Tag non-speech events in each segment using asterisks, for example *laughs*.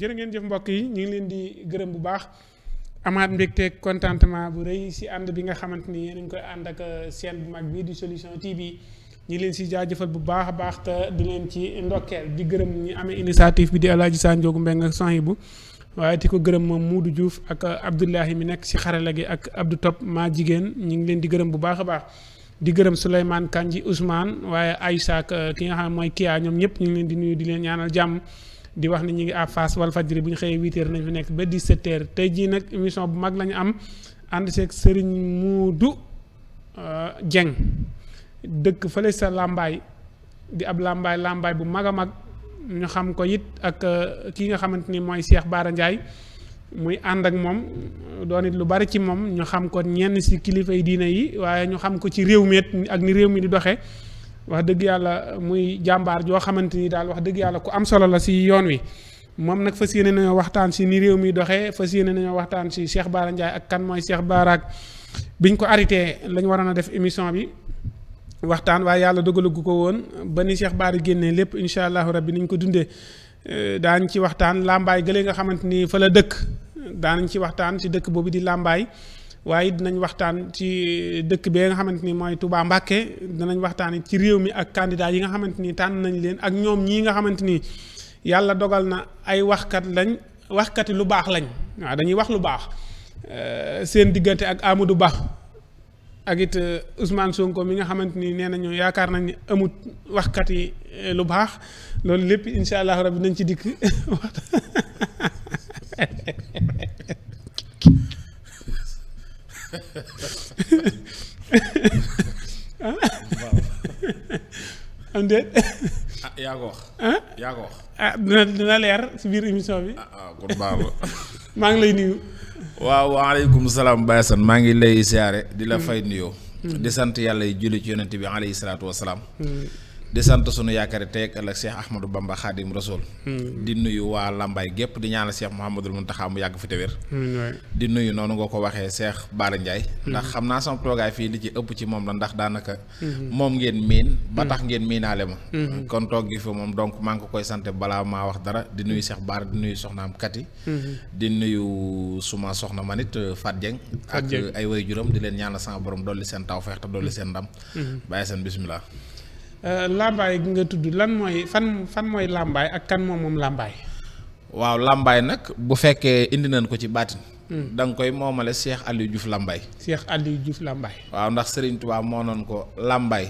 jërë ngeen jëf mbokk yi ñu ngi leen di gërëm bu baax amaat mbégteeg contentement bu rëy si ànd bi nga xamante ni yéen ngi koy ànd ak euh, seen bu mag bii di solution TV ñu leen si jaajëfal bu baax a baax te di leen ci ndokkeel di gërëm ñu amee initiative bi di El Hadj Sanjoogu Mbeng ak son yi bu waaye ti ko gërëm moom Muudu juuf ak euh, Abdoulahi mi nekk si xarala gi ak Abdou Top maa jigéen ñu ngi leen di gërëm bu baax a baax di gërëm Souleymane kànji Ousmane waaye Aïssa ak euh, ki nga xam ne mooy Kia ñoom ñëpp ñu ngi leen di nuyu di leen ñaanal jàmm di wax ni ñu ngi à face Walfadjri bu ñu xëyee 8 heures nañ fi nekk ba 17 heures tey jii nag émission bu mag la ñu am ànd seeg Serigne Muudu jeng euh, dëkk fële sa làmbaay di ab làmbaay làmbaay bu mag a mag ñu xam ko it ak euh, kii nga xamante ni mooy Cheikh Baara Ndiaye muy ànd ak moom doon it lu bari ci moom ñu xam ko ñenn si kilifa yi diine yi waaye ñu xam ko ci réew mi ak ni réew mi di doxe wax dëgg yàlla muy jàmbaar joo xamante ni daal wax dëgg yàlla ku am solo la si yoon wi moom nag fas yéene nañoo waxtaan si ni réew mi doxee fas yéene nañoo waxtaan si Cheikh baara Ndiaye ak kan mooy seex Bara ak biñ ko arrêté lañ waroon a def émission bi waxtaan waaye yàlla dogalagu ko woon ba ni Cheikh Bara génnee lépp incha allahu rabbi niñ ko dundee eh, daañ ci waxtaan làmbaay gële nga xamante ni fa la dëkk daanañ ci waxtaan si dëkk boobu di làmbaay waaye dinañ waxtaan ci dëkk bee nga xamante ni mooy tubaa Mbacké dinañ waxtaan ci réew mi ak candidat yi nga xamante ni tànn nañ leen ak ñoom ñii nga xamante ni yàlla dogal na ay waxkat lañ waxkati lu baax lañ waaw dañuy wax lu baax euh, seen diggante ak Amadou Ba ak it euh, Ousmane Sonko mi nga xamante ni nee nañu yaakaar nañ amut waxkat yi euh, lu baax loolu lépp incha allah rabbi nañ ci dikk *laughs* *laughs* am déet. ah yaa ko wax. ah yaa ko wax. ah dina dina leer ci biir émission bi. ah, ah *laughs* maa ngi lay nuyu. waaw waaleykum salaam Baye maa ngi lay siyaare di la hmm. fay nuyoo. Hmm. di yàlla yi julli ci yonent bi alayhi salaatu wa di sant sunu yaakaari tey ak ëllëg Cheikh Ahmadou Bamba Khadim Rasoul hmm. di nuyu waa Lambaay gépp di ñaanal Cheikh Mouhamadul Mountakha mu yàgg fi te wér hmm, di nuyu noonu ngoo ko waxee Cheikh Bara Ndiaye hmm. ndax xam naa sama toogaay fii li ci ëpp ci moom la ndax daanaka moom ngeen miin ba tax ngeen miinaale ma kon toog gi fi moom donc maa ngi ko koy sant balaa maa wax dara di nuyu Cheikh Bara di nuyu soxnaam Kati di nuyu suma soxna ma nit euh, Fat Dieng ak ay way juróom di leen ñaanal sama borom dolli seen tawfeex te dolli seen ndam bàyyi seen bismillah Euh, làmbaay gi nga tudd lan mooy fan fan mooy làmbaay ak kan moom moom làmbaay waaw làmbaay nag bu fekkee indi nañ ko ci baatin hmm. da nga koy moomale Cheikh Aliou Diouf làmbaay Cheikh Aliou Diouf làmbaay waaw ndax sëriñ Touba moo noon ko làmbaay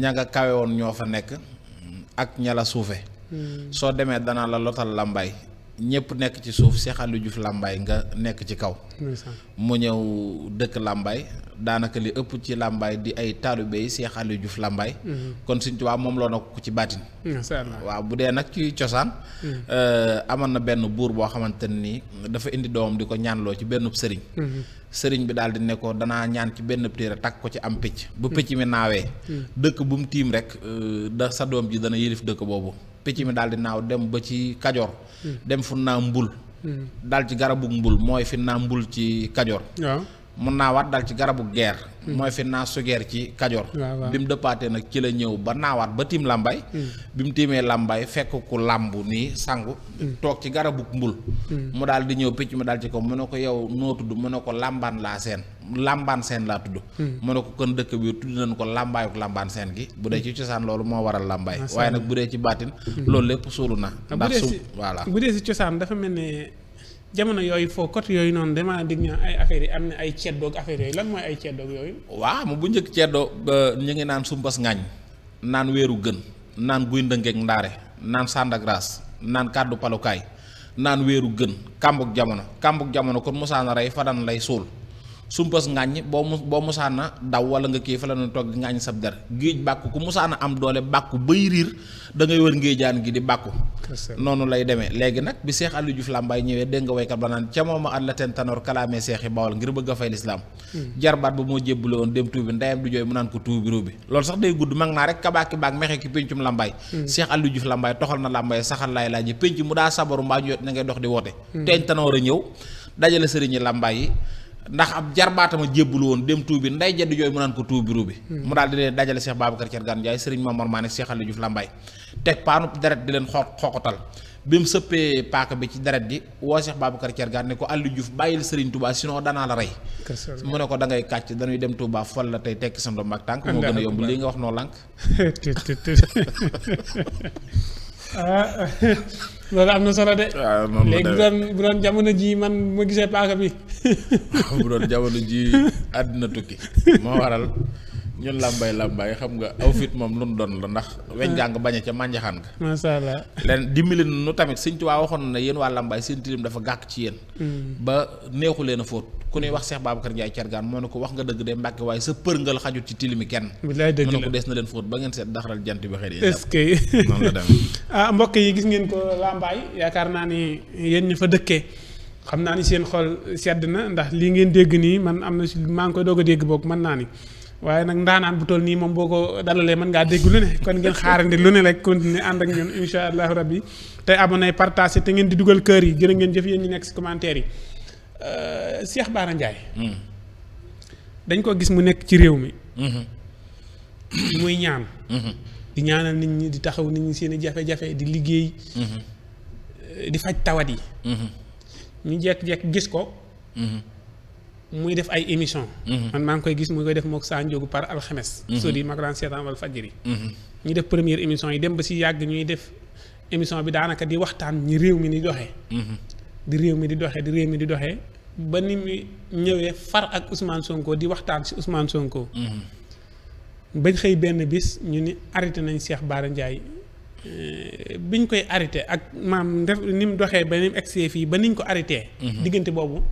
ña nga kawe woon ñoo fa nekk ak ña la suufe hmm. soo demee dana la lotal làmbaay ñëpp nekk ci suuf Cheikh Aliou Diouf làmbaay nga nekk ci kaw mu ñëw dëkk làmbaay daanaka li ëpp ci làmbaay di ay taalibe yi Cheikh Aliou Diouf làmbaay mhm. kon Sëriñ Tuubaa moom loo na ko ci baatin waaw bu dee nag ci cosaan mhm. euh, amoon na benn buur boo xamante ni dafa indi doomam di ko ñaanloo ci benn sëriñ mhm. sëriñ bi daal di ne ko danaa ñaan ci benn téere takk ko ci am picc bu picc mi naawee dëkk bu mu tiim rek euh, da sa doom ji dana yilif dëkk boobu picc mi daal di naaw dem ba ci Kajoor. Hmm. dem fu naa mbul. Hmm. daal ci garabu mbul mooy fi naa mbul ci Kajoor. waaw mun naawaat dal ci garabu geer hmm. mooy fi naa sugeer ci kajoor bi mu dëppaatee nag ci la ñëw ba naawaat ba tiim làmbaay hmm. bi mu tiimee làmbaay fekk ku làmb nii sangu hmm. toog ci garabu mbul mu daal di ñëw picc mu daal ci ko mu ne ko yow noo tudd mu ne ko làmbaan laa seen làmbaan seen laa tudd mu ne ko kon dëkk bi tudd nañ ko làmbaayuk làmbaan seen gi bu dee ci cosaan loolu moo waral làmbaay waaye nag bu dee ci baatin loolu lépp suulu na ah, ndax su voilà bu dee jamono yooyu foo côté yooyu noonu damaa dégg ñaa ay affaire yi am na ay ceddoog affaire yooyu lan mooy ay ceddoog yooyu. waa mu bu njëkk ceddoo ba ñu ngi naan sumbas ngaañ naan weeru gën naan guy ndëngeeg ndaare naan sandagras naan kàddu palukaay naan weeru gën kàmbug jamono kàmbug jamono kon musaana rey fadan lay suul. sumpas ngàññ boo mu boo musaana daw wala nga kii fa la doon toog di ngàññ sab der géej bàkku ku musaana am doole bàkku bay riir da ngay wër ngéejaan gi di bàkku noonu lay demee léegi nag bi Seex Aliou Diouf Lambaye ñëwee dégg nga waykat ba naan ca mooma at la teen tanoor kalaamee seexi bawal ngir bëgg a fay lislaam hmm. jarbaat ba moo jébbale woon dem tuubi ndeyam du jooy mu naan ko tuubi ruubi loolu sax day gudd mag naa rek kabaaki baak mexe ki péncum Lambaye Seex hmm. Aliou Diouf Lambaye toxal na Lambaye saxal laay laaj ji pénc mu daa sabaru mbaa ngay dox di woote hmm. teeñ tanoor a ñëw dajale sëriñi Lambaye ndax ab jarbaatama jébbulu woon dem tuubi nday jedd jooy mu naan ko tuubi ruubi hmm. mu daal di leen dajale Cheikh Babacar Thiergane Ndiaye sëriñ Momar Mané Cheikh Aliou Diouf Lambaye teg paanu deret di leen xoo xooxatal bi mu sëppee paaka bi ci deret ji woo Cheikh Babacar Thiergane ne ko Aliou Diouf bàyyil sëriñ Touba sinon danaa la rey mu ne ko da ngay kàcc dañuy dem Touba fol la tey tekki sa ndomb ak tànk moo gën a yomb lii nga wax noo lànk *laughs* *laughs* ah. *laughs* loolu am na solo de. waaw ah, moom léegi bu doon bu doon jamono jii man ma gisee paaka bi. *laughs* bu doon jamono jii àddina tukki moo waral ñun làmbaay làmbaay xam nga aw fit moom lu nu doon la ndax. weñ gaa nga bañ ca mànjaxaan nga. macha allah leen dimbali nu tamit Sëñ waa waxoon na ne yéen waa làmbaay seen tilim dafa gàkk ci yéen. Mm. ba neexu leen a fóot. ku ne wax Cheikh Babacar Ndiaye Thiergane moo ne ko wax nga dëgg de Mbàkke waaye sa përngal xajut ci tilimi kenn bilaay dëgg la mu ne ko des na leen fóot ba ngeen seet daxaral jant bi xëy *laughs* ah, mbokk yi gis ngeen ko làmbaay yaakaar naa ni yéen ñu fa dëkkee xam naa ni seen xol sedd na ndax lii ngeen dégg nii man am na si maa ngi koy doog a dégg boog mën naa ni waaye nag ndaanaan bu toll nii moom boo ko dalalee mën ngaa dégg lu ne kon ngeen xaarandi lu ne rek continuer ànd ak ñun incha allahu dugal kër yi jërë ngeen jëf yéen ñi nekk si commentaire yi Euh, Cheikh Bara Ndiaye. Hmm. dañ ko gis mu nekk ci réew mi. Hmm. muy ñaan. Hmm. di ñaanal nit ñi di taxaw nit ñi seeni jafe-jafe di liggéey. Eh, di faj tawat yi. ñu jekk-jekk gis ko. muy def ay émission man maa ngi koy gis mu koy def mook saa njóogu par alxemes sodi ma grand seetaan wal fajiri. ñu def première émission yi dem ba si yàgg ñuy def émission bi daanaka di waxtaan ñi réew mi di doxee. di réew mi di doxee di réew mi di doxee. ba ni muy ñëwee far ak Ousmane Sonko di waxtaan si Ousmane Sonko. Mhm. bañ xëy benn bis ñu ni arrêté nañ Cheikh Bara Ndiaye euh, biñ koy arrêté ak maam def ni mu doxee ba ni mu egsee fii ba niñ ko arrêté. Mhm. diggante boobu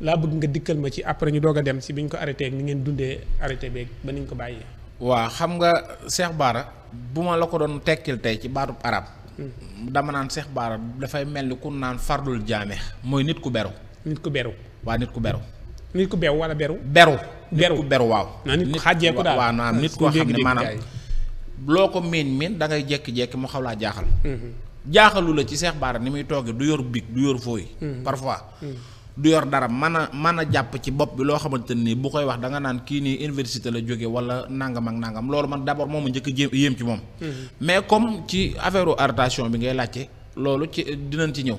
laa bëgg nga dikkal ma ci après ñu doog a dem si biñ ko arrêté ak ni ngeen dundee arrêté beeg ba niñ ko bàyyee. waa xam nga Cheikh baara bu ma la ko doon tekkil tey ci baatub arab. Mhm. dama naan Cheikh baara dafay mel ni ku naan fardul jaame mooy nit ku beru. nit ku beru. waa nit ku beru. nit ku wala beru. beru nit ku beru waaw. nit ku xàjjee ku daal waaw waaw nit koo xam ne maanaam. loo ko miin miin dangay ngay jékki-jékki mu xaw laa jaaxal. Mm-hmm. jaaxalu la ci Cheikh Bara ni muy toogee du yor big du yor fooy. Mm-hmm. parfois. Mm-hmm. du yor dara mën a mën a jàpp ci bopp bi loo xamante nii bu koy wax danga naan kii nii université la jóge wala nangam ak nangam loolu man d'abord moom njëkk a yéem ci moom. mais comme ci affaire arrestation bi ngay laajte loolu ci dinañ ci ñëw.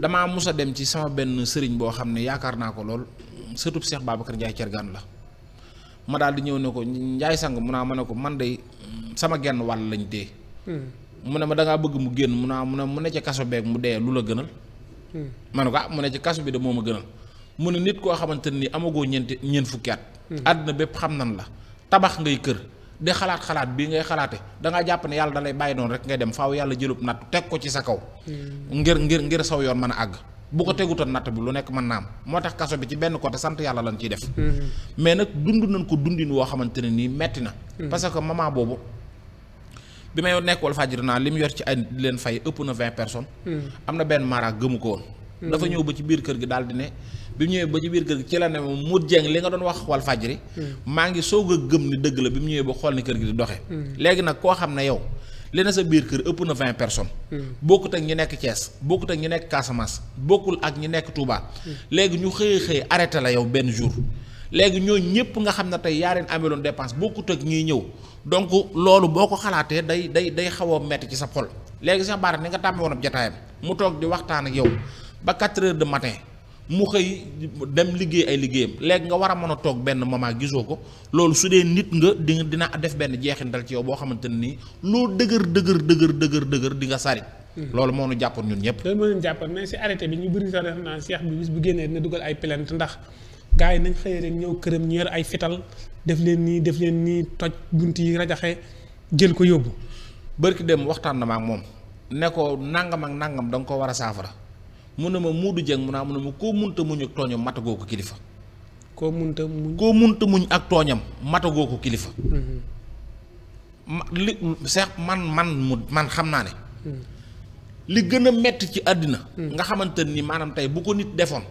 damaa mus a dem ci sama benn sëriñ boo xam ne yaakaar naa ko lool sëtub Cheikh Babacar Ndiaye Thiergane la ma daal di ñëw ne ko Ndiaye sang mu naa ma ne ko man de sama genn wàll lañ dee. Hmm. mu ne ma da ngaa bëgg mu génn mun naa mu ne mu ne ci kaso beeg mu dee lu la gënal. Hmm. mane ne ko ah mu ne kaso bi de moo ma gënal mu ne nit koo xamante ni amagoo ñeenti ñeent fukki at. Hmm. àdduna bépp xam nan la tabax ngay kër. di xalaat xalaat bii ngay xalaate da ngaa jàpp ne yàlla da lay bàyyi noonu rek ngay dem faaw yàlla jëlub natt teg ko ci sa kaw. Hmm. ngir ngir ngir saw yoon mën a àgg. bu ko tegutoon natt bi lu nekk mën naa am moo tax kaso bi ci benn côté sant yàlla lan ciy def. Hmm. mais nag dund nañ ko dundin woo xamante ne nii metti na. Hmm. parce que maman boobu. bi may nekk Walfadjri naa li mu yor ci ay di leen fay ëpp na vingt personnes. am na benn mara gëmu ko woon. dafa ñëw ba ci biir kër gi daal di ne bi mu ñëwee ba ci biir kër gi ci la ne ma mu jeng li nga doon wax wal fajri hmm. maa ngi soo a gëm ni dëgg la bi mu ñëwee ba xool ni kër gi di doxee hmm. léegi nag koo xam ne yow li na sa biir kër ëpp na vingt personnes hmm. bokkut ak ñu nekk cees bokkut ak ñu nekk Casamance bokkul ak ñu nekk Touba léegi ñu xëy xëy arrêté la yow benn jour léegi ñoo ñëpp nga xam ne tey yaa leen ameloon dépense bokkut ak ñuy ñëw donc loolu boo ko xalaatee day day day xaw a ci sa xol léegi sax baara ni nga tàmmi woon ab mu toog di ak yow ba quatre de matin mu xëy dem liggéey ay liggéeyam léegi nga war a mën a toog benn moment gisoo ko loolu su dee nit nga di dina def benn jeexintal ci yow boo xamante ne nii loo dëgër dëgër dëgër dëgër dëgër di nga sari. Hmm. loolu moo ñu jàppoon ñun ñëpp. loolu moo ñu jàppoon mais si arrêté ñu bëri sax def naa seex bi bis bu génnee dina dugal ay plainte ndax gars yi nañ xëyee rek ñëw këram ñu yor ay fital def leen nii def leen nii toj bunt yi rajaxe jël ko yóbbu. barki dem waxtaan na ak moom ne ko nangam ak nangam danga ko war a saafara mun na ma Modou Dieng mun naa mun na ma koo munta muñ ak tooñam matagoo ko kilifa. koo munta muñ koo munta muñ ak tooñam matagoo ko kilifa. Mm-hmm. ma li Cheikh man man mu man xam naa ne. Mm-hmm. li gën a metti ci àddina mm-hmm. nga xamante ni maanaam tey bu ko nit defoon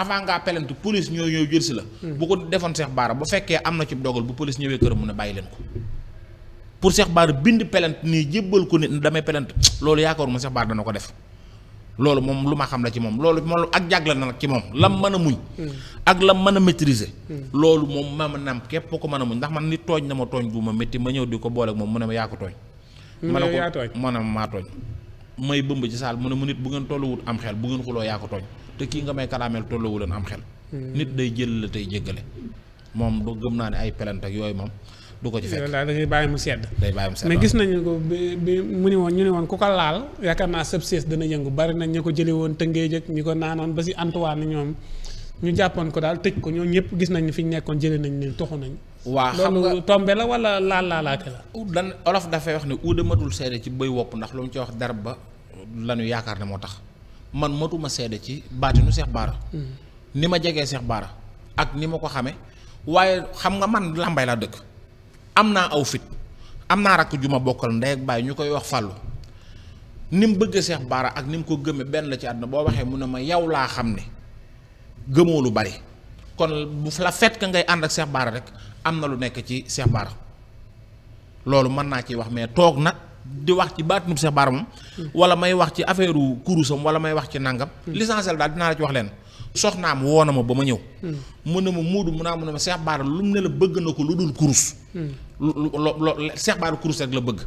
avant ngaa pelante police ñoo ñëw jëlsi la bu ko nit defoon seex Bara bu fekkee am na ci dogal bu police ñëwee këram mu ne bàyyi leen ko pour Cheikh Bara bind pelant nii jébbal ko nit damay pelante loolu yaakaaruma Cheikh Bara dana ko def loolu moom lu ma xam la ci moom loolu moom ak jàggle na nag ci moom lam mën a muñ ak lam mën a maîtriser loolu moom ma mën a am képp ko mën a muñ ndax man nit tooñ na ma tooñ bu ma métti ma ñëw di ko boole moom mu ne ma yaa ko tooñ ma ne ko ma ne maa tooñ may bëmb ci saal mu ne mu nit bu ngeen tolluwut am xel bu ngeen xuloo yaa ko tooñ te kii nga may kalaameel tolluwu leen am xel hmm. nit day jël la tey jéggale moom ba gëm naa ne ay pelante ak yooyu moom du ko ci fekk da ngay mu sedd day bàyyi mu sedd mais gis nañu ko mu ni woon ñu ne woon ku ko laal yaakaar naa sëb dana yëngu bari nañ ñu ko jële woon tëngee jëkk ñi ko naanoon ba si Antoine ñoom ñu jàppoon ko daal tëj ko ñoom ñëpp gis nañ fi ñu nekkoon jële nañ ne toxu nañ waa xam nga loolu la wala laal laalaate la dan olof dafay wax ne uuda matul seede ci bëy wopp ndax lu mu ci wax dar ba la ñu yaakaar ne moo tax man matuma seede ci baatinu Cheikh Bara hmm. ni ma jegee seex Bara ak ni ma ko xamee waaye xam nga man làmbay laa dëkk am naa aw fit am naa rakk ju ma bokkal ndey ak baay ñu koy wax fàllu ni mu bëgg Seex Baara ak ni mu ko gëmee benn la ci àdduna boo waxee mu ne ma yaw laa xam ne gëmoo lu bari kon bu la fekk ngay ànd ak Seex Baara rek am na lu nekk ci Seex Baara loolu mën naa ciy wax mais toog na di wax ci baatinub Seex Baara moom. Mm. wala may wax ci affaire kurusam wala may wax ci nangam. Mm. l'essentiel daal dinaa la ci wax leen. soxnaam woo na ma ba ma ñëw. mën hmm. na ma muudu mun naa mun na ma Cheikh Bara lu mu ne la bëgg na ko lu dul kurus. Hmm. lu lu loo Cheikh Bara kurus rek la bëgg.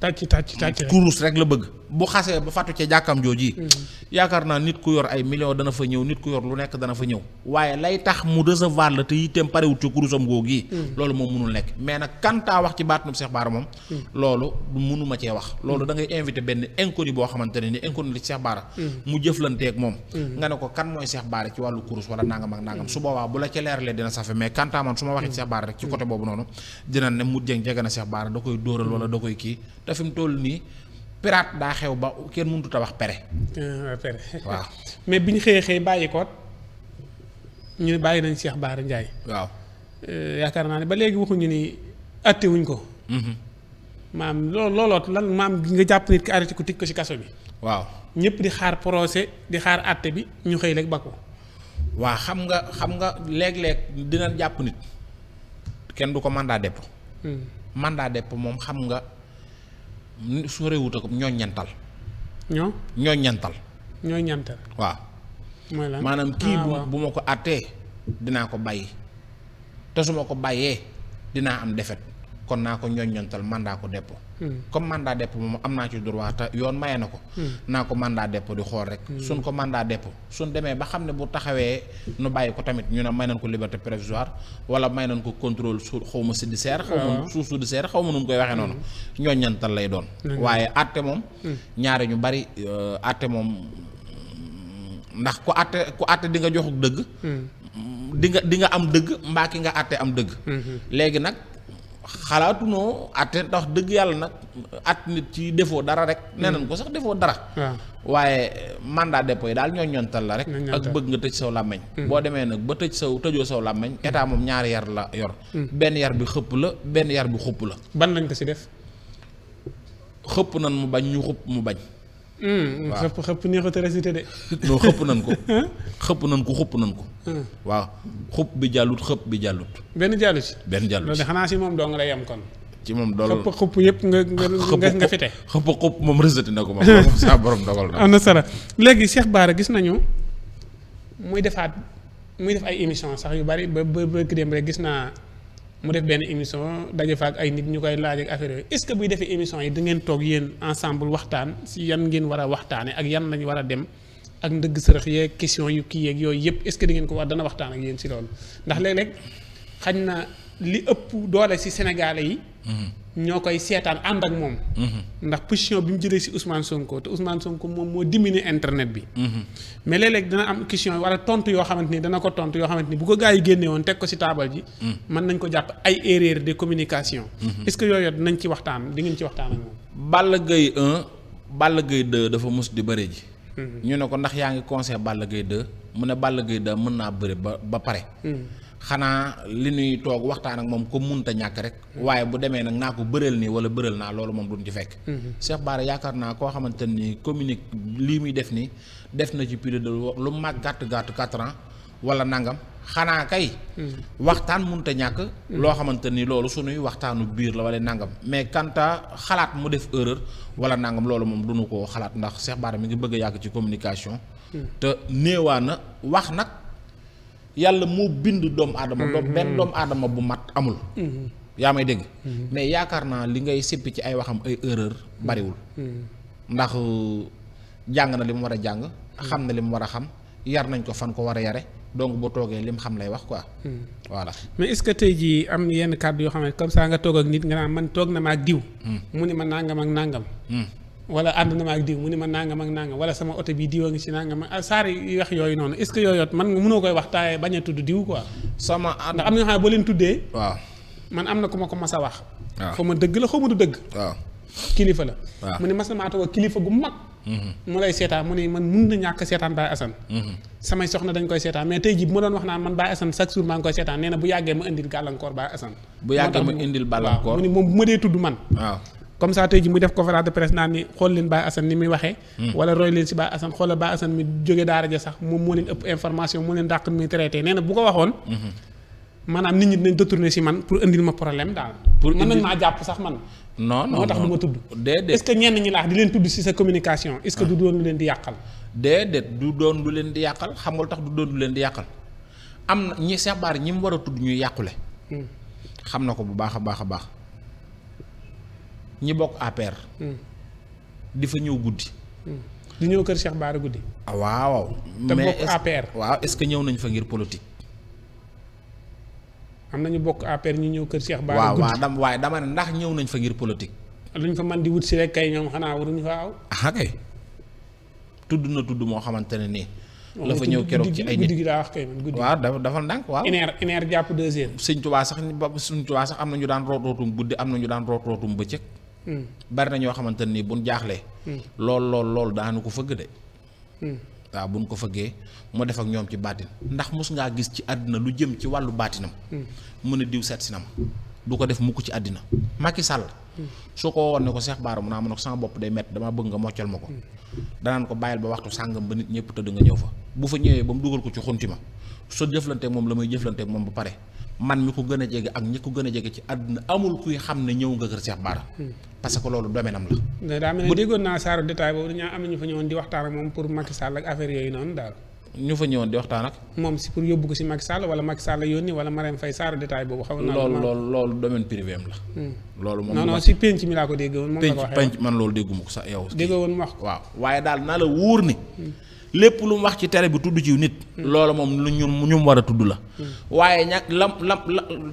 tàcc tàcc tàcc kurus rek la bëgg. bu xasee ba fàttu ca jàkkam jooji mm. yaakaar naa nit ku yor ay millions dana fa ñëw nit ku yor lu nekk dana fa ñëw waaye lay tax mu recevoir la te yitteem parewut ci kurusam googi mm. loolu moom munul nekk mais nag kantaa wax ci baatnub Cheikh Bara moom mm. loolu cee wax loolu da ngay invité benn inconnu boo xamante ne ni inconnu la ci Cheikh mu jëflanteeg moom nga ne ko kan mooy Cheikh Bara ci wàllu kurus wala nangam ak nangam su boobaa bu la ca leeralee dina safe mais kantaa man su ma waxee Cheikh Bara rek ci côté boobu noonu dina ne mu jëng na Cheikh Bara da koy dóoral wala da koy kii te fi mu pirate daa xew ba kenn mënut tabax wax pere ah, waaw. *laughs* mais bi ñu xëyee xëy bàyyi ko ñu ne bàyyi nañ Cheikh Bara Ndiaye. waaw euh, yaakaar naa ne ba léegi waxuñu ni atte ko. Mm-hmm. maam loolu looloot lan maam nga jàpp nit ki arrêté ko tij ko ci kaso bi. waaw ñëpp di xaar procès di xaar atte bi ñu xëy rek ba ko. waaw xam nga xam nga léeg-léeg dina jàpp nit kenn du ko mandat dépôt. Hmm. mandat dépôt moom xam nga. sorewut ak ñoo ñantal. ñoo ñoo ñantal. ñoo ñantal. waaw. mooy lan maanaam kii ah, bu bu ma ko àttee dinaa ko bàyyi te su ko bàyyee dinaa am defet kon naa ko ñoññontal mandat ko dépôt hmm. comme mandat dépôt moom am naa ci droit te yoon maye na ko hmm. naa ko mandat dépôt di xool rek hmm. suñ ko mandat deppo suñ demee ba xam ne bu taxawee nu bàyyi ko tamit ñu ne may nañ ko liberté provisoire wala may nañ ko contrôle su xawma judiciaire xawma ah. suuf judiciaire xawma nu mu koy waxee noonu ñoññontal lay doon waaye àtte moom ñaari ñu bari euh, àtte moom ndax ku àtte ku àtte di nga joxuk dëgg di nga di nga am dëgg mbaa ki nga àtte am dëgg léegi xalaatunoo atte ndax dëgg yàlla nag at nit ci defoo dara rek nee nañ mm. ko sax defoo dara waaye mandat dépôt yi daal ñoo ñontal la rek ak bëgg nga tëj saw làmmañ mm. boo demee nag ba tëj saw tëjoo saw làmmañ mm. état moom ñaari yar la yor benn yar bi xëpp la benn yar bi xupp la ban lañ ko si def xëpp nan mu bañ ñu xupp mu bañ Hmm, waaw xëpp xëpp neexut a récité de. *laughs* non xëpp nan *laughs* ko. xëpp nan ko xupp nan ko. waaw xupp bi jàllut xëpp bi jàllut. benn jàllu si benn jàllu si xanaa si moom dong la yem kon. ci moom dool xëpp xupp yëpp nga nga nga fite. xëpp xupp moom rësati na ko moom *laughs* saa borom dogal na. am na solo léegi Cheikh Bara gis nañu muy defaat muy def ay émission sax yu bari ba ba dem rek gis naa mu def benn émission daje fa ay nit ñu koy laaj ak affaire yooyu est-ce que buy defee émission yi da ngeen toog yéen ensemble waxtaan si yan ngeen war a waxtaane ak yan lañu war a dem ak ndëgg sërëx yeeg question yu kii yeek yooyu yëpp est-ce que da ko war dana waxtaan ak yéen si loolu ndax léeg-léeg xañ na li ëpp doole si sénégalais yi mm-hmm. ñoo koy seetaan ànd ak moom. Mm-hmm. ndax position bi mu jëlee si Ousmane Sonko te Ousmane Sonko moom moo diminuer internet bi. Mm-hmm. mais léeg dana am question wala tontu yoo xamante ni dana ko tontu yoo xamante ni bu ko gars yi génne teg ko si taabal ji. Mm. mën nañ ko jàpp ay erreur de communication. Mm-hmm. est-ce que yooyu dinañ ci waxtaan di ngeen ci waxtaan ak moom. Balla Gaye 1 Balla Gaye 2 dafa mos di bëre ji. ñu ne ko ndax yaa ngi conseil Balla Gaye 2 mu ne Balla Gaye 2 mën naa bëre ba ba pare. xanaa li nuy toog waxtaan ak moom comme munta ñàkk rek waaye bu demee nag naa ko bëral nii wala bëral naa loolu moom duñ ci fekk mhm. Cheikh Bara yaakaar naa koo xamante ni communique lii muy def nii def na ci plus de lu mag gàtt gàtt quatre wala nangam xanaa kay mhm. waxtaan munta ñàkk mhm. loo xamante ni loolu suñuy waxtaanu biir la wala nangam mais kanta xalaat mu def erreur wala nangam loolu moom duñu ko xalaat ndax Cheikh baar mi ngi bëgg a yàgg ci communication te néewaa na wax nag yàlla mu bind doomu aadama. doom mm-hmm. benn doomu aadama bu mat amul. Mm-hmm. yaa may dégg. Mm-hmm. mais yaakaar naa li ngay sippi ci ay waxam ay erreur bariwul. ndax euh, jàng na li mu war a jàng. xam na li mu war a xam yar nañ ko fan ko war a yare donc boo toogee li mu xam lay wax quoi. voilà mais est-ce que tey jii am yenn kàddu yoo xam ne comme ça nga toog ak nit nga naan man toog na ma ak mm. mu ne ma nàngam ak nàngam mm. wala ànd na ma ak diw mu ni ma nangam ak nangam wala sama oto bi diwa ngi ci nangam ak saar yooyu noonu est ce que yooyu man mënoo koy wax taaye bañ a tudd diw quoi. sama man am na ku ma ko mas a wax. waaw ma dëgg la xaw du dëgg. waaw kilifa la. waaw mu ne mas na maa mm-hmm. mu lay seetaan mu ne man mun na ñàkk seetaan Baye Assane mm-hmm. samay soxna dañ koy seetaan mais tey jii bu ma doon wax naan man Baye Assane chaque jour maa ngi koy seetaan nee bu yàggee ma indil gàllankoor Baye Assane bu yàggee ma indil gàllankoor mu ne moom bu ma dee tudd man comme ça tey ji muy def conférence de presse naan ni xool leen Baye Assane ni muy waxee hmm. wala roy leen si Baye Assane xoolal Baye Assane mi jóge daara ja sax moom moo leen ëpp information moo leen dàq muy traité nee bu ko waxoon hmm. maanaam nit ñi dinañ détourné si man pour indil ma problème daal pour mën nañ maa jàpp sax man non moo tax du ma tudd déedéet est-ce di leen tudd si sa communication est-ce que ah. du doon lu leen di yàqal déedéet doon lu leen di yàqal xam tax du doon lu leen di yàqal am na ñi Cheikh Bara ñi mu war a tudd ñuy yàqule hmm. xam na ko bu baax a baax a baax ñi bokk APR. Hmm. di fa ñëw guddi. Hmm. di ñëw kër Cheikh Bara guddi. ah waaw. te bokk APR waaw est ce que ñëw nañ fa ngir politique. am nañu bokk APR ñu ñëw kër Cheikh Bara waaw dam waaye dama ne ndax ñëw nañ fa ngir politique. luñ fa man di wut si rek kay ñoom xanaa waruñu fa aw. ah kay. tudd na tudd moo xamante ne nii. la fa ñëw keroog ci ay nit guddi gi daa wax kay man guddi waaw dafa dafa ndànk waaw. une heure jàpp deux heures. Sëñ sax ni ba Sëñ Tuubaa sax am na ñu daan root rootum guddi am na ñu daan root rootum bëccëg. bari na ñoo xamante ni buñ jaaxlee. lool lool lool daanu ko fëgg de. waaw buñ ko fëggee mu def ak ñoom ci baatin ndax mos ngaa gis ci àddina lu jëm ci wàllu baatinam. mun a diw seet si na ma du ko def mukk ci àddina Macky Sall. su ko woon ne ko Cheikh Bara mu naa ma ne ko sama bopp day mett damaa bëgg nga moccal ma ko. danaan ko bàyyil ba waxtu sàngam ba nit ñëpp tëdd nga ñëw fa bu fa ñëwee ba mu dugal ko ci xunti ma su jëflanteeg moom la may jëflanteeg moom ba pare. man mi ko gën a jege ak ñi ko gën a jege ci àdduna amul kuy xam ne ñëw nga kër Cheikh Bara hmm. parce que loolu domaine am la. daa mel ne déggoon naa saaru détail boobu dañoo am na ñu fa ñëwoon di waxtaan moom si pour yóbbu ko si Macky Sall wala Macky Sall yónni wala Marème Faye saaru détail boobu. xaw naa loolu loolu loolu la. Hmm. loolu moom non non si penc mi laa ko dégg woon. moom la ko waxee penc penc man loolu dégguma wax ko waaw waaye daal naa la wóor ni hmm. lépp lu mu wax ci tere bi tudd ci nit. Hmm. loolu moom lu ñu ñu mu war a tudd la. Hmm. waaye ña lam lam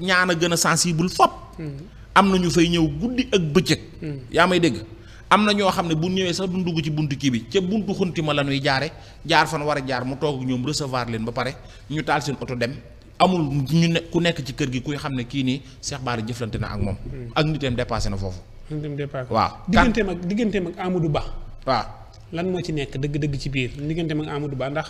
ñaan a gën a sensible fop hmm. am na ñu fay ñëw guddi ak bëccëg. yaa may dégg am na ñoo xam ne bu ñëwee sax du dugg ci buntu kii bi ca buntu xunti ma la ñuy jaare jaar fan war a jaar mu toog ñoom recevoir leen ba pare ñu taal seen oto dem. amul ñu ne ku nekk ci kër gi kuy xam ne kii nii Cheikh Bara jëflante na ak moom. ak niteem dépassé na foofu. niteem dépassé waaw digganteem ak digganteem ak Ba. waaw. lan moo ci nekk dëgg-dëgg ci biir diggante ak Amadou Ba ndax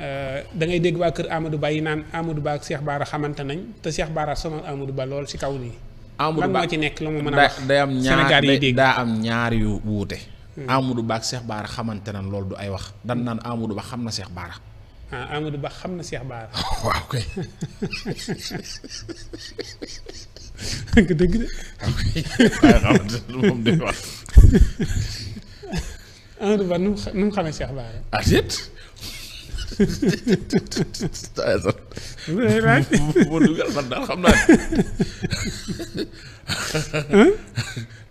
euh, da ngay dégg waa kër Amadou Ba yi naan Amadou Ba ak Cheikh Bara xamante nañ te Cheikh Bara sonal Amadou Ba lool ci kaw nii. Amadou Ba lan ci nekk lu mën a day am ñaar daa am ñaar wuute. Hmm. Amadou Ba ak Cheikh Bara xamante nañ loolu du ay wax dan naan Amadou Ba xam na seex Bara. ah Amadou Ba xam na seex Bara. *laughs* waaw kay. *laughs* *laughs* Amadou Ba nu mu xa nu mu xamee Cheikh Bara. ah déet. man daal xam naa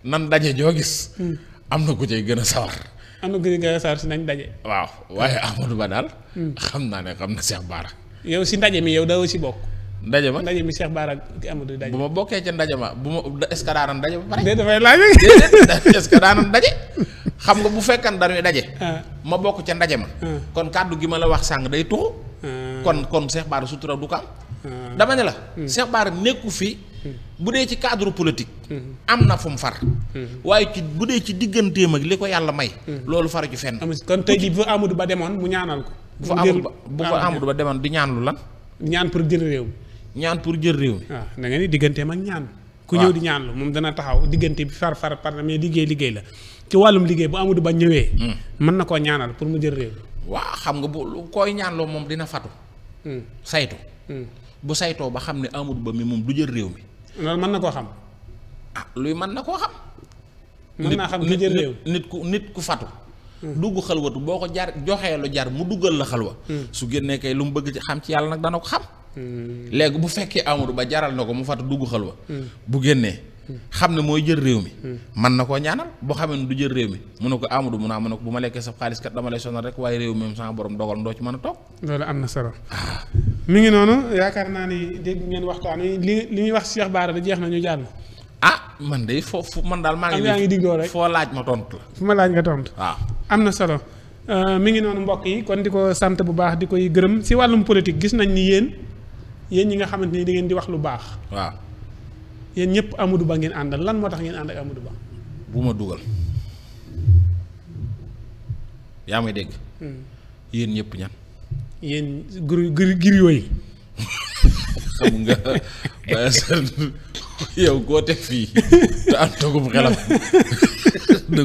nan daje joo gis. Hmm. am na ku cay gën a sawar. am na ku cay gën a sawar si nañ daje. waaw waaye Amadou Ba daal. Hmm. xam naa ne xam na Cheikh Bara. yow si ndaje mi yow dawoo si bokk. ndaje ma ndaje mi Cheikh Bara ak bu ma bokkee ca ndaje ma bu ma est-ce que daanam daje ba pare. déedéet dafay laaj *laughs* xam nga bu fekkan dañuy daje. Ah. ma bokk ca ndaje ma. Ah. kon kàddu gi ma la wax sàng day tuxu. Ah. kon kon Cheikh Bara sutura du ko am. dama ne la. Hmm. Cheikh Bara nekku fi. Hmm. bu dee ci cadre politique. Hmm. am na fu mu far. waaye ci bu dee ci digganteem ak li ko yàlla may. loolu faru ci fenn. kon tey jii bu Amadou Ba demoon mu ñaanal ko. bu fa Amadou Ba Ba demoon di ñaanlu lu lan. ñaan pour jël réew. ñaan pour jël réew mi. waaw ah, da nga ni digganteem ñaan. ku ñëw di ñaan lu moom dana taxaw diggante bi far far par mais liggéey liggéey la ci wàllum liggéey bu Amadou Ba ñëwee. Hmm. mën na koo ñaanal pour mu jël réew mi. waaw xam nga bu koy ñaanloo moom dina fatu. Hmm. saytu. Hmm. bu saytoo ba xam ne Amadou Ba mi moom du jël réew mi. mën na koo xam. ah luy mën na koo xam. mën naa xam nit ku nit ku fatu. dugg xalwatu boo ko jar joxee lu jar mu duggal la xalwa su génnee kay lu mu bëgg ci xam ci yàlla nag dana ko xam. Hmm. léegi bu fekkee Amadou Ba jaral na ko mu fàtt dugg xalwa hmm. bu génnee hmm. xam ne mooy jël réew mi man na koo ñaanal boo xamee ne du jël réew mi mun ne ko Amadou mun naa ah, mu ne ko bu ma lekkee sa xaalis dama lay sonal rek waaye réew mi sama borom dogal ndoo ci mën a toog loolu am na solo ah. mi ngi noonu yaakaar naa ni dégg ngeen waxtaan wi li li ñuy wax Cheikh Bara da jeex na ñu jàll ah man de foofu man daal maa ngi digloo rek foo laaj ma tontu la fu ma laaj nga tontu waaw ah. am na solo euh, mi ngi noonu mbokk yi kon di ko sant bu baax di koy gërëm si wàllum politique gis nañ ni yéen yéen ñi nga xamante ni da ngeen di wax lu baax. waaw yéen ñëpp Amadou Ba ngeen àndal lan moo tax ngeen ànd ak Amadou Ba. bu ma dugal. yaa may dégg. Hmm. yéen ñépp ñan. yéen gir gir gir yooyu. xam yow koo teg fii te am togum xelam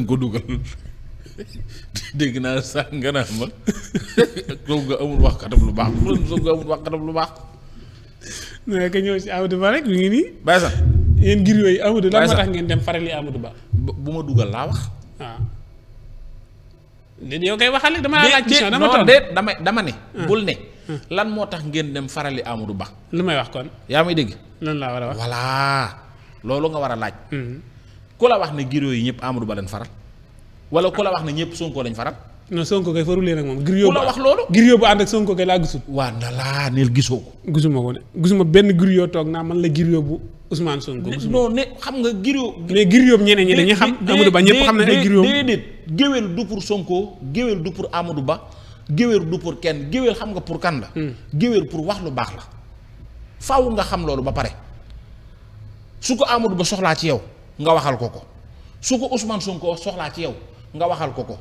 ko dugal dégg naa sax nga naan ma nga amul waxkatam lu baax lu baax. mais nga ñëw si Amadou Ba rek mi ngi nii. bàyyi sax yéen ngir yooyu Amadou lan moo tax ngeen dem farali Amadou Ba. bu ma duggal laa wax. waaw. yow kay waxal dama la dama tontu déet dama dama ne. Ah. bul ne. Ah. lan moo tax ngeen dem farali Amadou Ba. lu may wax kon. yaa may dégg. lan laa war a wax voilà. loolu nga war a laaj. Mm-hmm. ku la wax ne ngir yooyu ñëpp Amadou Ba lañ faral. wala ku la wax ne ñëpp Sonko lañ faral. non Sonko kay farul leen ak moom. ku la wax loolu griot bu ànd ak Sonko kay laa gisul. waa na neel gisoo ko. gisuma ko de gisuma benn griot toog naa man la griot bu Ousmane Sonko. non ne xam nga griot. mais griot ñeneen ñi dañuy xam. Amadou Ba ñëpp xam na ay griot déedéet géwél du pour Sonko géwél du pour Ba géwél du pour kenn géwél xam nga pour kan hmm. géwél pour wax lu baax la. faaw nga xam loolu ba pare su ko Amadou Ba soxlaa ci yow nga waxal ko ko su ko Ousmane Sonko soxlaa ci yow nga waxal ko ko.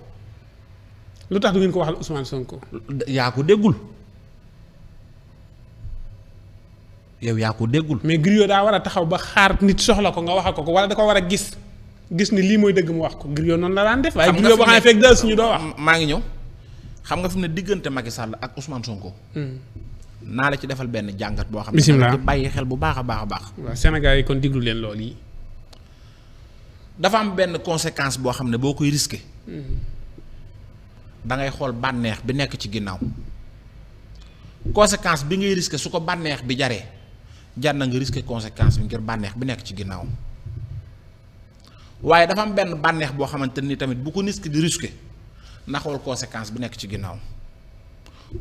lu tax du ngeen ko waxal Ousmane Sonko. yaa ko déggul. yow yaa ko déggul. mais griot daa war a taxaw ba xaar nit soxla ko nga wax a ko ko wala da ko war a gis gis ni lii mooy dëgg mu wax ko griot noonu la daan def. waaye griot boo xam ne fekk daal suñu doo wax. maa ngi ñëw xam nga fi ne diggante Macky Sall ak Ousmane Sonko. Hmm. naa la ci defal benn jàngat boo xam ne. bisimilah ci bàyyi xel bu baax a baax a baax. waaw Sénégal yi kon diglu leen lool yi. dafa am benn conséquence boo xam ne boo koy risqué. Hmm. da ngay xool bànneex bi nekk ci ginnaaw conséquence bi ngay risqué su ko bànneex bi jaree jar na nga risqué conséquence bi ngir bànneex bi nekk ci ginnaaw waaye dafa am benn bànneex boo xamante ni tamit bu ko risque di risqué na xool conséquence bi nekk ci ginnaaw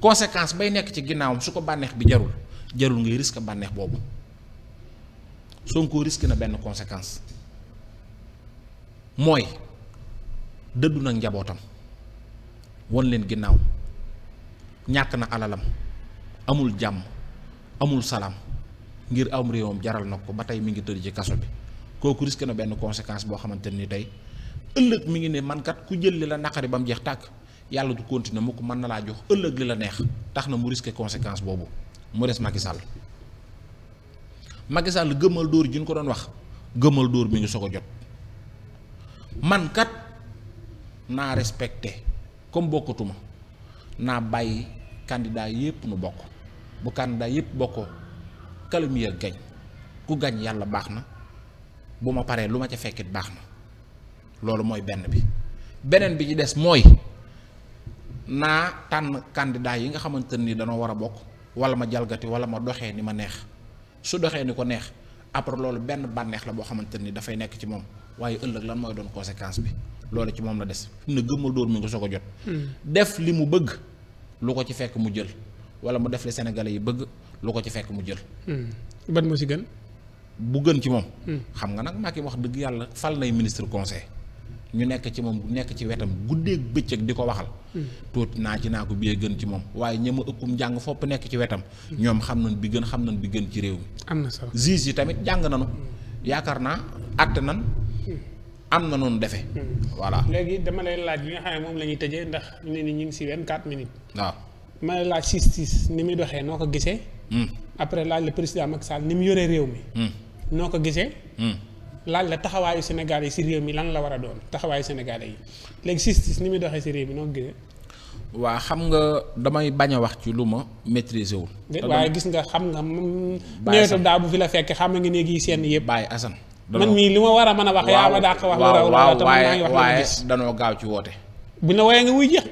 conséquence bay nekk ci ginnaawam su ko bànneex bi jarul jarul ngay risque bànneex boobu Sonko risque na benn conséquence mooy dëddu nag njabootam. won leen ginnaaw ñàkk na alalam amul jàmm amul salaam ngir am réewam jaral na ko ba tey mi ngi tëdd ci kaso bi kooku risk na benn conséquence boo xamante ni tey ëllëg mi ngi ne mankat ku jël li la naqari ba mu jeex tàkk yàlla du continuer mu mën na laa jox ëllëg li la neex tax na mu risque conséquence boobu mu des Macky Sall Macky Sall gëmmal dóor ji ñu ko doon wax gëmmal dóor mi ngi soog a jot mankat kat naa respecté. comme bokkatuma naa bàyyi candidat yépp nu bokk bu candidat yépp bokkoo kalamiya gañ ku gañ yàlla baax na bu ma paree lu ma ca fekkit baax na loolu mooy benn bi beneen bi ci des mooy naa tànn candidat yi nga xamante nii danoo war a bokk wala ma jalgati wala ma doxee ni ma neex su doxee ni ko neex après loolu benn bànneex la boo xamante ni dafay nekk ci moom waaye ëllëg lan mooy doon conséquence bi loolu ci moom la des na gëmmal dóor mi nga soog ko jot hmm. def li mu bëgg lu ko ci fekk mu jël wala mu def li sénégalais yi bëgg lu ko ci fekk mu jël hmm. ban moo ci gën bu gën ci moom hmm. xam nga nag Macky wax dëgg yàlla fal nay ministre conseil ñu nekk ci moom nekk ci wetam guddeeg bëccëg di ko waxal tuuti naa ci naa ko biyee gën ci moom waaye ña ëkkum ëppum jàng fopp nekk ci wetam ñoom xam nañ bi gën xam nañ bi gën ci réew mi am na solo juge yi tamit jàng nañu yaakaar am na noonu defe hmm. voilà léegi dama lay laaj li nga xam moom la ñuy tëjee ndax ni ñu ngi si 24 minutes. waaw ma lay laaj 6 ni muy doxee noo ko gisee. Hmm. après laaj la président Macky Sall ni mu yoree réew mi. Hmm. noo ko gisee. laaj la taxawaayu Sénégalais yi si réew lan la war a doon taxawaayu Sénégalais yi ni muy doxee si réew mi noo ko gisee. xam nga damay bañ a wax ci lu ma maîtriser wul. waaye gis nga xam nga. bàyyi daa bu fi la fekk xam nga néeg yi seen yëpp. bàyyi Assane man mii li ma war a mën a wax yaa ma dàq waaw waaye waaye danoo gaaw ci woote bu na waaye nga wuy jeex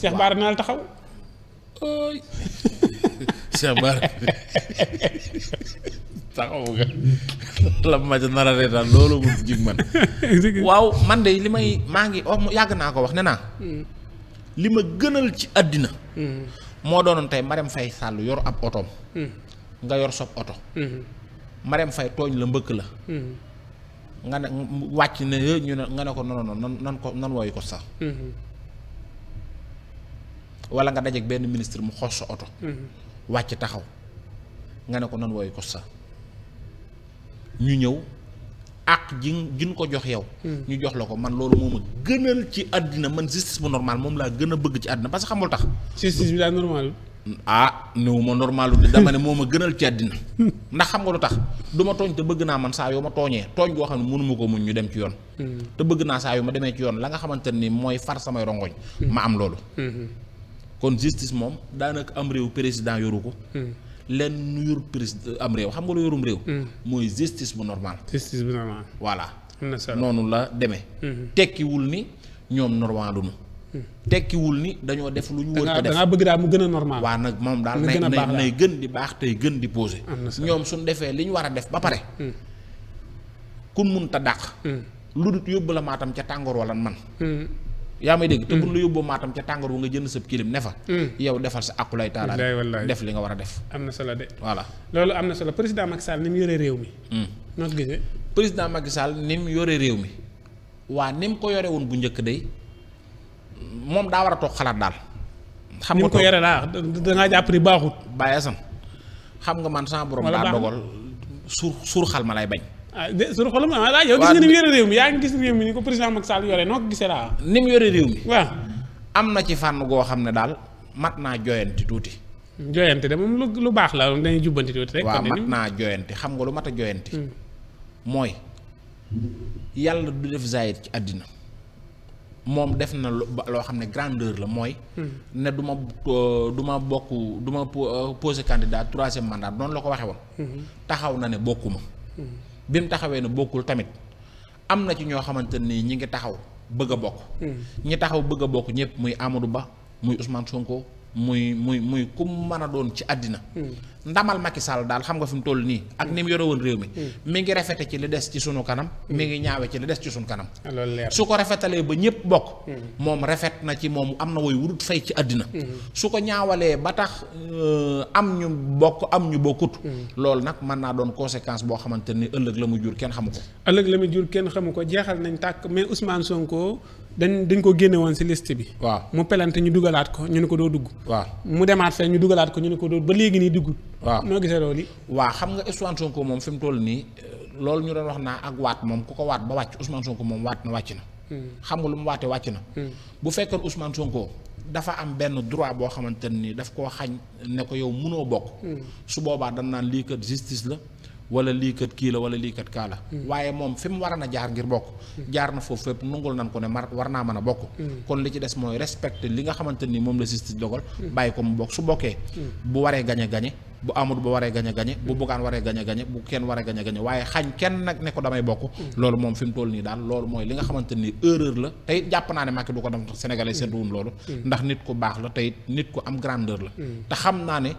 Cheikh Bara dina la taxaw *laughs* Cheikh Bara *laughs* taxaw nga la ma ca nar jig man *laughs* waaw man de li may maa ngi wax yàgg naa ko wax ne naa hmm. li ma gënal ci àddina hmm. moo doonoon tey Marème Faye Sall yor ab otoom hmm. nga yor sob oto Marème fay tooñ la mbëkk la. Hmm. nga ne wàcc na ñu ne nga ne ko non non nan ko nan wooyu ko sax. Hmm. wala nga dajeeg benn ministre mu xos sa oto. Hmm. wàcc taxaw nga ne ko nan wooyu ko sax ñu ñëw ak ji gin ko jox yow. ñu jox la ko man loolu moo a gënal ci àddina man justice bu normal moom laa gën a bëgg ci àddina parce que xamul tax. justice bi daa normal. ah néew ma normal lu dama ne moo ma gënal ci àddina ndax xam nga lu tax du ma tooñ te bëgg naa man saa yoo ma tooñee tooñ goo xam ne mënuma ko muñ ñu dem ci yoon hmm. te bëgg naa saa ma demee ci yoon la nga xamante ni mooy far samay rongoñ hmm. ma am loolu hmm. kon justice moom daanaka am réew président yoru ko lenn nu yor président am réew xam nga lu yorum réew mooy justice bu normal justice bu normal voilà noonu la demee tekkiwul ni ñoom normaluñu tekkiwul ni dañoo def lu ñu wër ko def bëgg daal mu gën a normal. waa nag moom daal nay nay gën di baax tey gën di posé. ñoom suñ defee li ñu war a def ba pare. Hmm. kun mun ta dàq. Hmm. lu dut yóbbu la maatam ca tàngoor wala man. Hmm. yaa may dégg te bu la yóbboo maatam ca tàngoor wu nga jënd sab kilim ne fa. yow defal sa akulay taala def li nga war a def. am na solo de. voilà loolu am na solo président Macky Sall ni mu yore réew mi. noo gisee. président Macky Sall ni mu yore réew mi waa ni mu ko yore woon bu njëkk day moom daa war a toog xalaat daal. xam nga ko yore laa da ngaa jàpp ni baaxut. Baye Assane xam nga man sama borom daa dogal suur suur xal ma lay bañ. ah de suur xal ma ah yow gis yore réew mi yaa ngi gis réew ko président Macky Sall yore noo gisee laa. ni am na ci fànn goo xam ne daal mat naa joyanti tuuti. joyanti de moom lu lu baax la dañuy jubbanti tuuti rek. waaw mat naa joyanti xam nga lu mat a joyanti. Hmm. mooy yàlla du def zaayir ci àddina. moom def na loo xam ne grandeur la mooy. Hmm. ne du ma euh, du ma bokk du ma euh, posé candidat troisième mandat noonu la ko waxee woon. Hmm. taxaw na ne bokkuma. Hmm. bim taxawee ne bokkul tamit am na ci ñoo xamante ni ñi ngi taxaw bëgg a bokk. ñi taxaw bëgg a bokk ñëpp muy Amadou Ba muy Ousmane Sonko. muy muy muy ku man a doon ci àddina hmm. ndamal Macky Sall daal xam nga fi mu toll nii ak ni mu yore woon réew mi hmm. mi ngi rafete ci li des ci sunu kanam hmm. mi ngi ñaawe ci li des ci sunu kanam ah, su ko rafetalee ba ñëpp bokk moom rafet na ci moom am na woy wurut fay ci àddina su ko ñaawalee ba tax euh, am ñu bokk am ñu bokkut loolu nag mën naa doon conséquence boo xamante ni ëllëg la mu jur kenn xamu ko ëllëg la mu jur kenn xamu ko jeexal nañ tàkk mais Ousmane Sonko dañ dañ ko génne woon si liste bi. waaw mu pelante ñu dugalaat ko ñu ne ko doo dugg. waaw mu demaat fee ñu dugalaat ko ñu ne ko doo ba léegi nii dugg. waaw noo gisee loolu yi. waaw xam nga Ousmane Sonko moom fi mu toll nii euh, loolu ñu doon wax naa ak waat moom ku ko waat ba wàcc Ousmane Sonko moom waat na wàcc na. Hmm. xam nga lu mu waatee wàcc na. Hmm. bu fekkoon Ousmane Sonko dafa am benn droit boo xamante nii daf koo xañ ne ko yow munoo bokk. Hmm. su boobaa dañ naan lii kër justice la. wala lii kat kii la wala lii kat kaa la. Mm. waaye moom fi mu war a jaar ngir bokk. Mm. jaar na foofu fépp nungul nan ko ne mar war naa mën a bokk. Mm. kon li ci des mooy respecté li nga xamante ni moom la justice dogal. bàyyi ko mu bokk su bokkee. bu waree gañe gañe bu Amadou Ba waree gañe gañe bu Bougane waree gañe gañe bu kenn waree gañe gañe waaye xañ kenn nag ne ko damay bokk loolu moom fi mu toll nii daal loolu mooy li nga xamante ni erreur la te jàpp naa ne Macky du ko def Sénégalais seentuwun loolu mm. ndax nit ku baax la te nit ku am grandeur la mm. te xam naa ne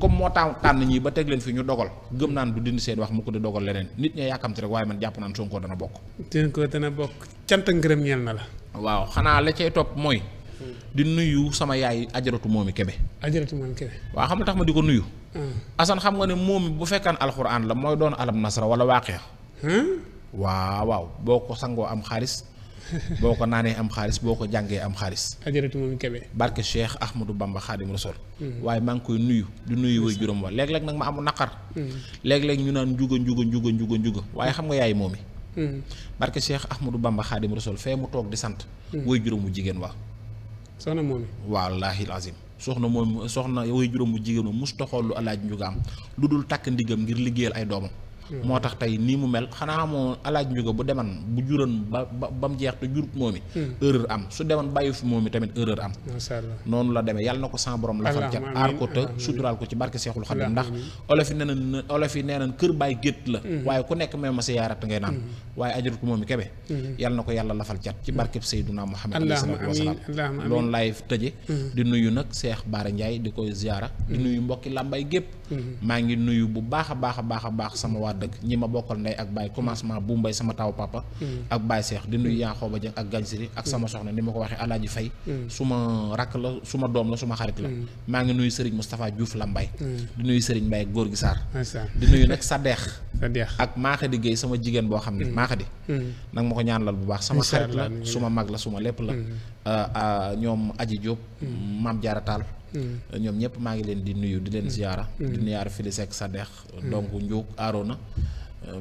comme moo taa tànn ñii ba teg leen fi ñu dogal gëm naan du dindi seen wax mu ko di dogal leneen nit ñee yàkkamti rek waaye man jàpp naan Sonko dana bokk Sonko dana bokk cant ngërëm ñeel na la waaw xanaa la cay topp mooy mm. di nuyu sama yaay ajaratu moomi kebe ajaratu moomi kebe waaw xam tax ma di ko nuyu Assane xam nga ne moom bu fekkaan alxuraan la mooy doon alam nasra wala waaqee hmm? waaw waaw boo ko sangoo am xaalis boo ko naanee am xaalis boo ko jàngee am xaalis. ajaratu moom Kébé. barke Cheikh Ahmadou Bamba Xaadim Rasul. Hmm. waaye maa ngi koy nuyu. di nuyu way juróom wa léeg-léeg nag ma amu naqar. Hmm. léeg-léeg ñu naan njuga njuga njuga njuga njuga waaye xam nga yaay moom yi. barke Cheikh Ahmadou Bamba Xaadim Rasul fee mu toog di sant. way juróom wu jigéen wa. soxna moom soxna moom soxna way juróom bu jigéenu mus toxool lu alaaj am lu dul takk ndigam ngir liggéeyal ay doomam moo tax tey nii mu mel xanaa moo alaaj njuga bu deman bu juran ba ba mu jeex te jurut moom mi hmm. erreur am su deman bàyyi fi moom mi tamit erreur am noonu la demee yàlla na ko sans borom la fal ca aar ko te suturaal ko ci barke seexul xadim ndax olof yi nee nañ nee nañ kër bàyyi la hmm. waaye ku nekk même ma si yaarat ngay naan hmm. waaye ajarut moom mi kebe yàlla na ko yàlla lafal cat ci barkeb sayduna muhammad alayhi salaatu wasalaam loolu laay tëje di nuyu nag seex baara njaay di koy ziyaara di nuyu mbokki làmbay gépp maa ngi nuyu bu baax baax a baax a baax sama waa dëgg ñi ma bokkal ndey ak baay commencement bu mbay sama taw papa mm. ak baay seex di nuyu mm. yaa xooba jëng ak gansiri ak mm. sama soxna ni ma ko waxee alaaji fay su ma rakk la su ma doom la su xarit la maa ngi nuyu sëriñ Moustapha Diouf la mbay di nuyu sëriñ Mbay góor gi Sarr di nuyu nag sa deex ak Maxadi Gueye sama jigéen boo xam ne mm. Maxadi mm. nag ma ko ñaanal bu baax sama xarit la suma mag la suma lépp la mm. euh, euh, ñoom Aji Diop Mame Diarra taal euh, ñoom ñëpp maa ngi leen di nuyu di leen ziyaara di nuyaar Filisek Sadex donc Ndiouk Arona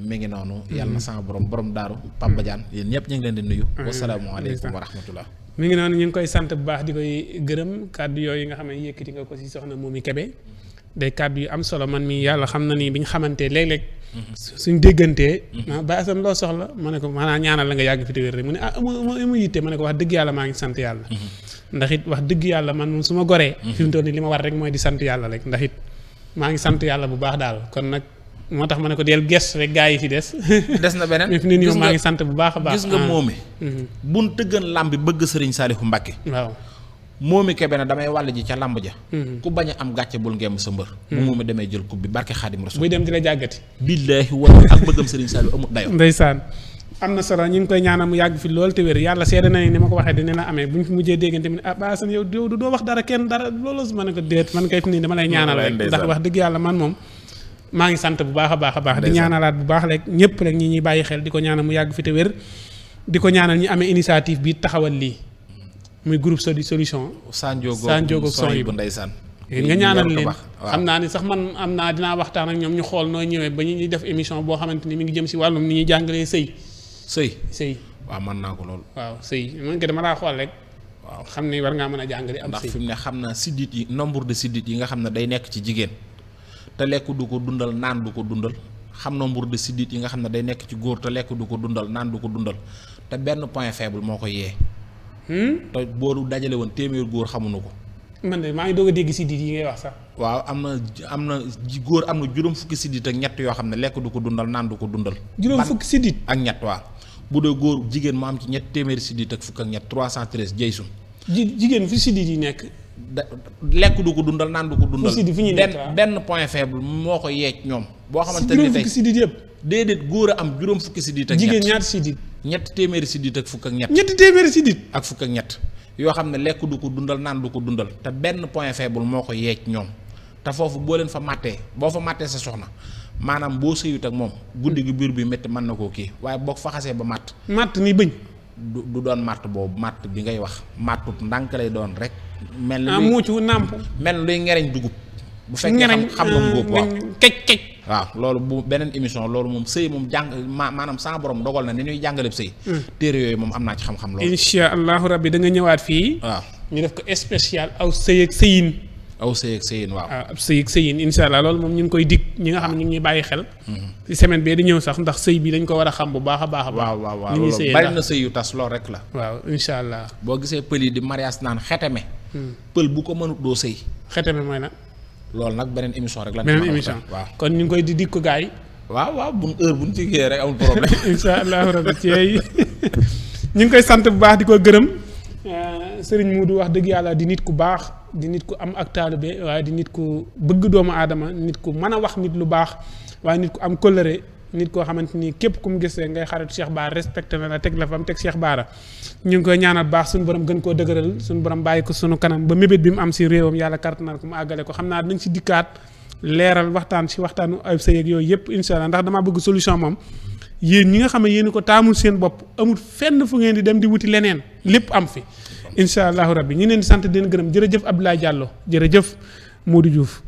mi ngi noonu yàlla na borom borom daaru Pamba Diane yéen ñëpp ñu ngi leen di nuyu wasalaamualeykum wa rahmatullah koy sant bu baax di koy gërëm kàddu yooyu nga xam ne yëkkati nga ko ci soxna Momy Kébé day kàddu yu am solo man mii yàlla xam na nii bi ñu xamante léeg-léeg suñ déggantee mhm. ah Baye Assane loo soxla ma ne ko naa ñaanal la nga yàgg fi te wér rek mu ne ah amu amu yitte ma ne ko wax dëgg yàlla ngi sant yàlla mhm. ndax it wax yàlla man moom su ma goree mhm. fi mu toll nii li ma war rek mooy di sant yàlla rek ndax maa ngi sant yàlla bu baax daal kon nag moo tax ma ne ko del gest rek gaa yi fi des. *laughs* des na beneen mais fi ne nii maa ngi sant bu baax a baax. gis nga ah. moome. bu nu tëggan làmb bi bëgg Serigne Salihou Mbacké. waaw moomi kebe na damay wàll ji ca làmb ja hmm. ku bañ am gàcce bul ngeem sa mbër bu hmm. moomi demee jël coupe bi barke xaadim rasul buy dem dina jàggati billaahi wala ak bëggam sëriñ Saliou amul dayo ndeysaan am na solo ñu ngi koy ñaanal mu yàgg fi loolu te wér yàlla seede na ni ma ko waxee dina amee bu ñu fi mujjee déggante mi ne ah Ba Assane yow doo doo wax dara kenn dara loolu ma dama lay ñaanal rek ndax wax dëgg yàlla man moom maa ngi sant bu baax a baax a baax di ñaanalaat bu baax rek ñëpp rek ñi ñuy bàyyi xel di ko ñaanal mu yàgg fi te wér di ko ñaanal ñi amee initiative bi taxawal lii muy groupe sodi solution. Sanjogo Sanjogo Sooy bu ndeysaan nga ñaanal leen xam naa ni sax man am naa dinaa waxtaan ak ñoom ñu xool nooy ñëwee ba ñu def émission boo xamante ni mu ngi jëm si wàllum ni ñuy jàngalee sëy. sëy sëy. waaw man naa ko lool. waaw sëy man ko dama laa xool rek. waaw xam ne war ngaa mën a jàngale am sëy ndax fi mu ne xam na siddit yi nombre de siddit yi nga xam ne day nekk ci jigéen te lekk du ko dundal naan du ko dundal xam nombre de siddit yi nga xam ne day nekk ci góor te lekk ko dundal naan du ko dundal te benn point faible moo ko yee Hmm? te boo dajale woon téeméer góor xamuñu ko. man na maa ngi doog a dégg sidit yi ngay wax sax. waaw am na am na góor am na juróom fukki sidit ak ñett yoo xam ne lekk du ko dundal naan du ko dundal. juróom fukki sidit ak ñett waaw. bu dee góor jigéen mu am ci ñett téeméeri sidit ak fukk ak ñett 313 jëy sun. ji jigéen fi sidit yi nekk. da lekk du ko dundal naan du ko dundal. sidit fi ñu nekk benn point faible moo ko yeeg ñoom. boo xamante ne tey si juróom fukki góor a am juróom fukki siddiit ak ñett jigéen ñaar sidit ñett téeméeri sidit ak fukk ak ñett. ñetti téeméeri sidit ak fukk ak ñett yoo xam ne lekk du ko dundal naan du ko dundal te benn point faible moo ko yeec ñoom te foofu boo leen fa màttee boo fa màttee sa soxna maanaam boo sëyut ak moom guddi gi biir bi métti mën na koo kii waaye boo fa xasee ba màtt. màtt ni bëñ. du du doon màtt boobu màtt bi ngay wax màttut ndànk lay doon rek. mel ni ah, luy ah muucu nàmp mel luy ngeriñ dugub. bu fekkee xam xam nga euh, ngóob waaw kecc kecc waaw loolu bu beneen émission loolu moom sëy moom jàng ma maanaam sans borom dogal na ni ñuy jàngale sëy hmm. téere yooyu moom am naa ci xam-xam loolu insha da nga ñëwaat fii ñu def ko spécial aw sëy ak sëyin aw sëy ak sëyin waaw waaw ah, ab sëy ak allah loolu moom ñu ngi koy dikk ñi nga xam ne ñu ngi ñuy bàyyi xel hmm. ci semaine bee di ñëw sax ndax sëy bi dañ ko war a xam bu baax a baax a baax waaw waaw loolu bari na sëy yu tas loolu rek la waaw insha allah boo gisee pël yi di mariage naan xeteme hmm. pël bu ko mënut doo sëy xeteme mooy na loolu nag beneen émission rek. lan beneen émission waaw kon ñu ngi koy di dikk gaay waaw waaw bu heure bu ñu ci géeyee rek amul problème. *laughs* incha allahu rabi ceey ñu ngi koy sant bu baax di ko gërëm. Euh, Sëriñ Muudu wax dëgg yàlla di nit ku baax di nit ku am ak taalibe waaye di nit ku bëgg doomu aadama nit ku mën a wax nit lu baax waaye nit ku am kóllëre nit koo xamante ni képp ku mu gis ngay xarit Cheikh baar respecté na la teg la fam teg Cheikh Bara ñu ngi koy ñaanal baax suñu borom gën koo dëgëral suñu borom bàyyi ko suñu kanam ba mébét bi mu am si réewam yàlla kartanal ko mu àggale ko xam naa dañ si dikkaat leeral waxtaan si waxtaanu ay sa yeeg yooyu yëpp incha allah ndax damaa bëgg solution moom yéen ñi nga xam ne yéen ko taamul seen bopp amul fenn fu ngeen di dem di wuti leneen lépp am fi incha allahu rabbi ñu leen di sant di leen gërëm jërëjëf Abdoulaye Diallo jërëjëf Modou Diouf